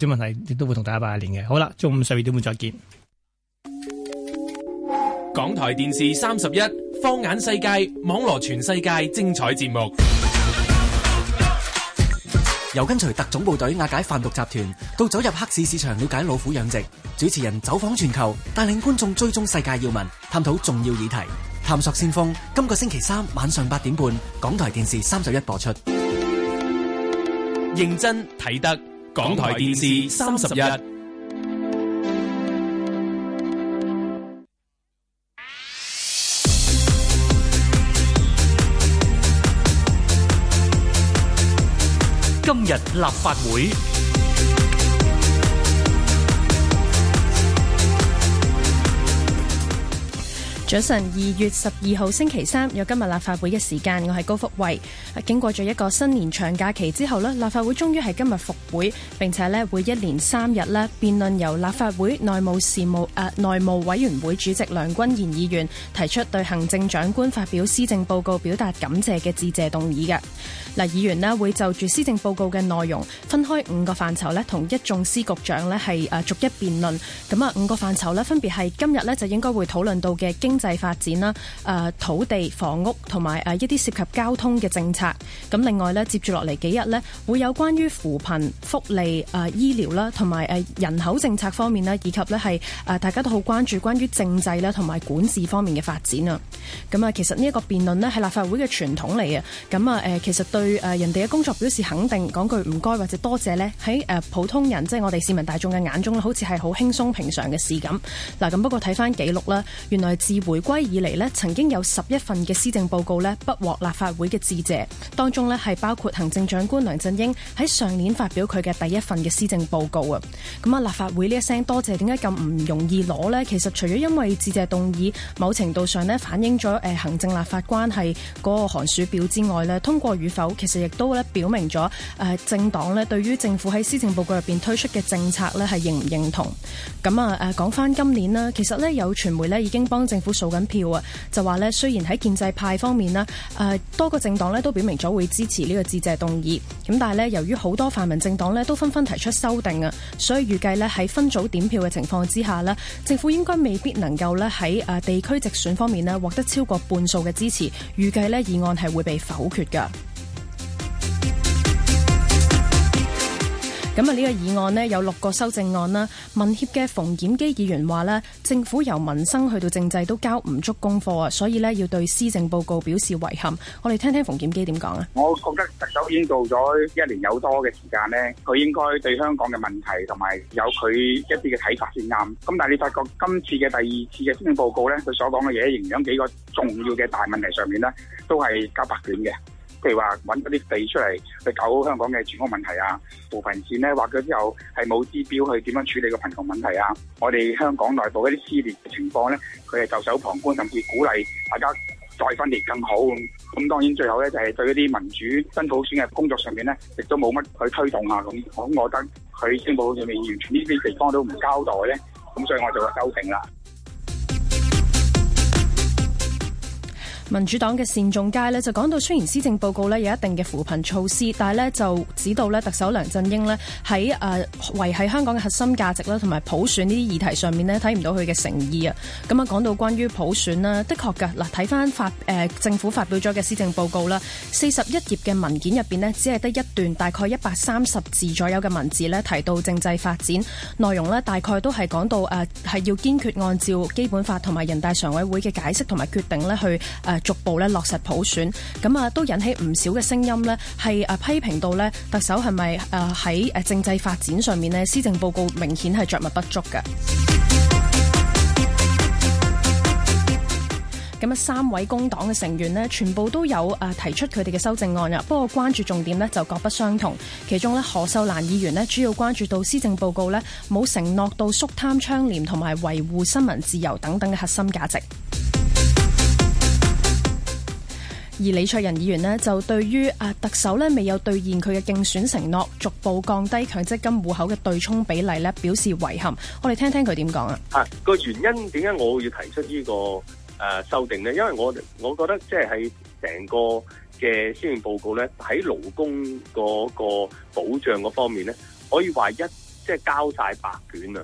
啲問題亦都會同大家拜年嘅。好啦，中午十二點半再見。港台電視三十一，放眼世界，網羅全世界精彩節目。由跟隨特種部隊押解販毒集團，到走入黑市市場了解老虎養殖，主持人走訪全球，帶領觀眾追蹤世界要聞，探討重要議題，探索先鋒。今個星期三晚上八點半，港台電視三十一播出。認真睇得。港台電視三十一，今日立法會。早晨，二月十二號星期三有今日立法會嘅時間，我係高福慧。啊、經過咗一個新年長假期之後咧，立法會終於係今日復會，並且咧，會一連三日咧，辯論由立法會內務事務誒、呃、內務委員會主席梁君彥議員提出對行政長官發表施政報告表達感謝嘅致謝動議嘅。嗱、啊，議員咧會就住施政報告嘅內容分開五個範疇咧，同一眾司局長咧係誒逐一辯論。咁啊，五個範疇咧分別係今日咧就應該會討論到嘅經。制發展啦，誒土地、房屋同埋誒一啲涉及交通嘅政策。咁另外呢，接住落嚟幾日呢，會有關於扶貧福利、誒醫療啦，同埋誒人口政策方面咧，以及呢係誒大家都好關注關於政制啦同埋管治方面嘅發展啊。咁啊，其實呢一個辯論呢，係立法會嘅傳統嚟嘅。咁啊誒，其實對誒人哋嘅工作表示肯定，講句唔該或者多謝呢，喺誒普通人即係、就是、我哋市民大眾嘅眼中好似係好輕鬆平常嘅事咁。嗱，咁不過睇翻記錄啦，原來自回歸以嚟呢，曾經有十一份嘅施政報告呢不獲立法會嘅致謝，當中呢係包括行政長官梁振英喺上年發表佢嘅第一份嘅施政報告啊。咁啊，立法會呢一聲多謝，點解咁唔容易攞呢？其實除咗因為致謝動議，某程度上呢反映咗誒行政立法關係嗰個寒暑表之外呢，通過與否其實亦都咧表明咗誒、呃、政黨呢對於政府喺施政報告入邊推出嘅政策呢係認唔認同。咁啊誒講翻今年啦，其實呢有傳媒呢已經幫政府。做緊票啊，就話咧，雖然喺建制派方面啦，誒、呃、多個政黨呢都表明咗會支持呢個致謝動議，咁但係呢，由於好多泛民政黨呢都紛紛提出修訂啊，所以預計呢喺分組點票嘅情況之下呢，政府應該未必能夠呢喺誒地區直選方面呢獲得超過半數嘅支持，預計呢議案係會被否決嘅。咁啊，呢個議案呢，有六個修正案啦。民協嘅馮檢基議員話咧，政府由民生去到政制都交唔足功課啊，所以咧要對施政報告表示遺憾。我哋聽聽馮檢基點講啊。我覺得特首已經做咗一年有多嘅時間咧，佢應該對香港嘅問題同埋有佢一啲嘅睇法先啱。咁但係你發覺今次嘅第二次嘅施政報告咧，佢所講嘅嘢，仍然幾個重要嘅大問題上面咧，都係交白卷嘅。譬如話揾嗰啲地出嚟去搞好香港嘅住房問題啊，扶貧線咧劃咗之後係冇指標去點樣處理個貧窮問題啊。我哋香港內部一啲撕裂嘅情況咧，佢係袖手旁觀，甚至鼓勵大家再分裂更好咁。咁當然最後咧就係、是、對一啲民主、新普選嘅工作上面咧，亦都冇乜去推動啊。咁咁，我覺得佢政府裏面完全呢啲地方都唔交代咧，咁所以我就要糾正啦。民主黨嘅單仲偕呢就講到，雖然施政報告呢有一定嘅扶貧措施，但係呢就指到呢特首梁振英呢喺誒維係香港嘅核心價值啦，同埋普選呢啲議題上面呢睇唔到佢嘅誠意啊！咁啊，講到關於普選啦，的確㗎嗱，睇返發誒政府發表咗嘅施政報告啦，四十一頁嘅文件入邊呢，只係得一段大概一百三十字左右嘅文字呢，提到政制發展內容呢，大概都係講到誒係、呃、要堅決按照基本法同埋人大常委會嘅解釋同埋決定呢去誒。呃逐步咧落實普選，咁啊都引起唔少嘅聲音呢係啊批評到咧特首係咪誒喺誒政制發展上面呢施政報告明顯係著墨不足嘅。咁啊， 三位工黨嘅成員呢全部都有誒提出佢哋嘅修正案啊，不過關注重點呢就各不相同。其中咧何秀蘭議員呢主要關注到施政報告咧冇承諾到肅貪倡廉同埋維護新聞自由等等嘅核心價值。而李卓人議員咧就對於啊特首咧未有兌現佢嘅競選承諾，逐步降低強積金戶口嘅對沖比例咧，表示遺憾。我哋聽聽佢點講啊？啊個原因點解我要提出、這個啊、修呢個誒修訂咧？因為我我覺得即係喺成個嘅施政報告咧，喺勞工嗰個保障嗰方面咧，可以話一即係、就是、交晒白卷啊！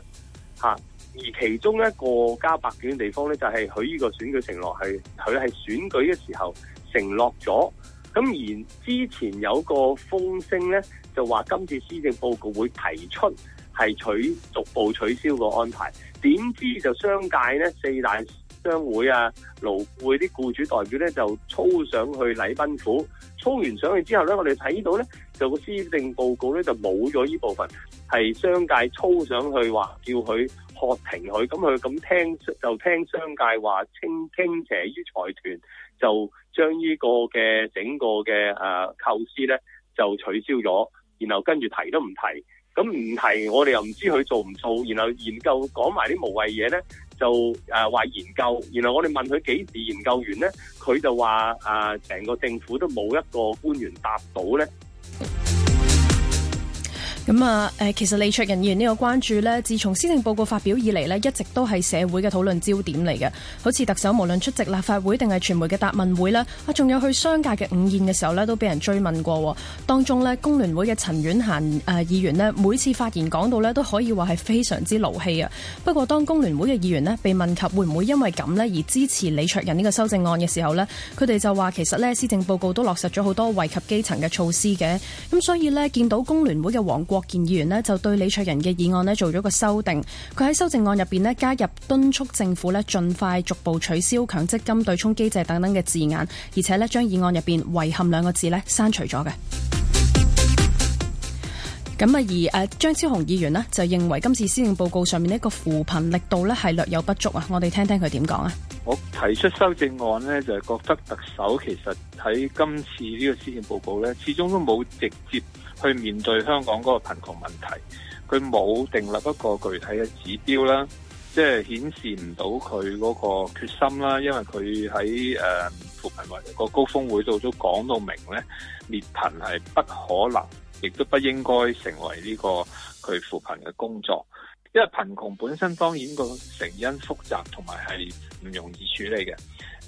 嚇，而其中一個交白卷嘅地方咧，就係佢呢個選舉承諾係佢係選舉嘅時候。承諾咗，咁而之前有個風聲咧，就話今次施政報告會提出係取逐步取消個安排，點知就商界咧，四大商會啊、勞會啲僱主代表咧就操上去禮賓府，操完上去之後咧，我哋睇到咧就個施政報告咧就冇咗呢部分，係商界操上去話叫佢喝停佢，咁佢咁聽就聽商界話，傾傾斜於財團就。將呢個嘅整個嘅誒構思咧就取消咗，然後跟住提都唔提，咁唔提我哋又唔知佢做唔做，然後研究講埋啲無謂嘢咧就誒話研究，然後我哋問佢幾時研究完咧，佢就話誒成個政府都冇一個官員答到咧。咁啊，誒，其實李卓人議員呢個關注咧，自從施政報告發表以嚟咧，一直都係社會嘅討論焦點嚟嘅。好似特首無論出席立法會定係傳媒嘅答問會咧，啊，仲有，去商界嘅午宴嘅時候咧，都俾人追問過。當中咧，工聯會嘅陳婉嫻誒議員咧，每次發言講到咧，都可以話係非常之勞氣啊。不過當工聯會嘅議員咧被問及會唔會因為咁咧而支持李卓人呢個修正案嘅時候咧，佢哋就話其實咧施政報告都落實咗好多惠及基層嘅措施嘅。咁所以咧，見到工聯會嘅王國。郭建議員呢，就對李卓人嘅議案呢做咗個修訂，佢喺修正案入邊呢，加入敦促政府呢盡快逐步取消強積金對沖機制等等嘅字眼，而且呢將議案入邊遺憾兩個字呢刪除咗嘅。咁啊而誒張超雄議員呢，就認為今次施政報告上面呢個扶貧力度呢係略有不足啊，我哋聽聽佢點講啊。我提出修正案呢，就係、是、覺得特首其實喺今次呢個施政報告呢，始終都冇直接去面對香港嗰個貧窮問題。佢冇訂立一個具體嘅指標啦，即係顯示唔到佢嗰個決心啦。因為佢喺誒扶貧或個高峰會度都講到明咧，滅貧係不可能，亦都不應該成為呢個佢扶貧嘅工作。因為貧窮本身當然個成因複雜，同埋係唔容易處理嘅。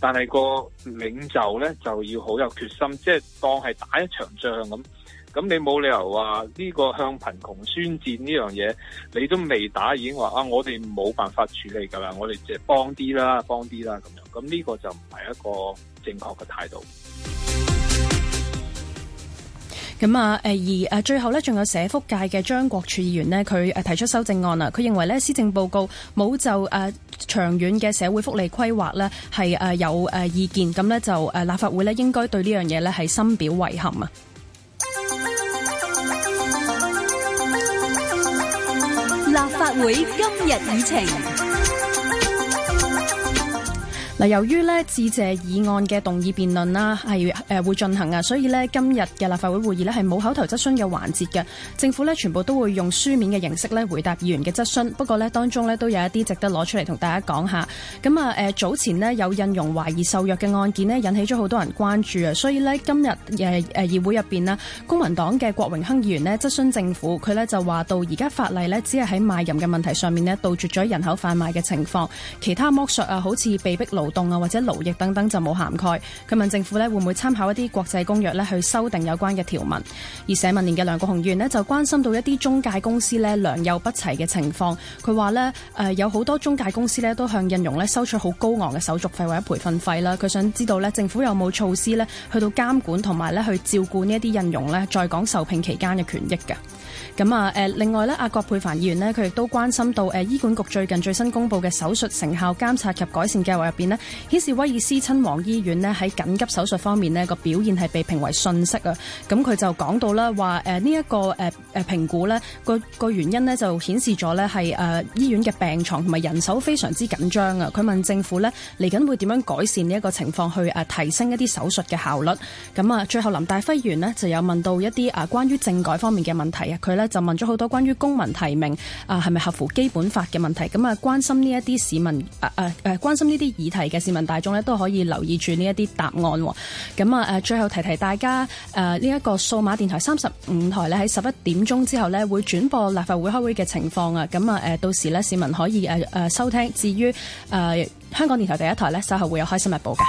但係個領袖咧就要好有決心，即係當係打一場仗咁。咁你冇理由話呢個向貧窮宣戰呢樣嘢，你都未打已經話啊，我哋冇辦法處理噶啦，我哋係幫啲啦，幫啲啦咁樣。咁呢個就唔係一個正確嘅態度。咁啊，誒而誒最後呢仲有社福界嘅張國柱議員呢，佢誒提出修正案啊，佢認為呢施政報告冇就誒長遠嘅社會福利規劃呢係誒有誒意見，咁呢就誒立法會呢應該對呢樣嘢呢係深表遺憾啊！立法會今日議程。嗱，由於呢致謝議案嘅動議辯論啦，係誒會進行啊，所以呢今日嘅立法會會議呢係冇口頭質詢嘅環節嘅，政府呢全部都會用書面嘅形式咧回答議員嘅質詢。不過呢當中呢都有一啲值得攞出嚟同大家講下。咁啊誒早前呢有印傭懷疑受虐嘅案件呢引起咗好多人關注啊，所以呢今日誒誒議會入面呢，公民黨嘅郭榮鏗議員咧質詢政府，佢呢就話到而家法例呢只係喺賣淫嘅問題上面呢杜絕咗人口販賣嘅情況，其他剝削啊，好似被逼勞活動啊或者勞役等等就冇涵蓋。佢問政府呢會唔會參考一啲國際公約去修訂有關嘅條文。而社民連嘅梁國雄議員就關心到一啲中介公司呢良莠不齊嘅情況。佢話呢誒有好多中介公司呢都向印傭呢收取好高昂嘅手續費或者培訓費啦。佢想知道呢政府有冇措施呢去到監管同埋呢去照顧呢一啲印傭呢在港受聘期間嘅權益嘅。咁啊誒另外呢阿郭佩凡議員咧佢亦都關心到誒醫管局最近最新公布嘅手術成效監察及改善計劃入邊呢顯示威爾斯親王醫院咧喺緊急手術方面咧個表現係被評為遜色。啊！咁佢就講到啦，話誒呢一個誒誒評估呢個個原因呢就顯示咗呢係誒醫院嘅病床同埋人手非常之緊張啊！佢問政府呢嚟緊會點樣改善呢一個情況，去誒提升一啲手術嘅效率。咁啊，最後林大輝議員呢就有問到一啲啊關於政改方面嘅問題啊！佢呢就問咗好多關於公民提名啊係咪合乎基本法嘅問題，咁啊關心呢一啲市民啊啊誒關心呢啲議題。嘅市民大眾咧都可以留意住呢一啲答案。咁啊，最後提提大家，誒呢一個數碼電台三十五台咧喺十一點鐘之後咧會轉播立法會開會嘅情況啊。咁啊，到時咧市民可以收聽。至於香港電台第一台咧稍後會有開心日報嘅。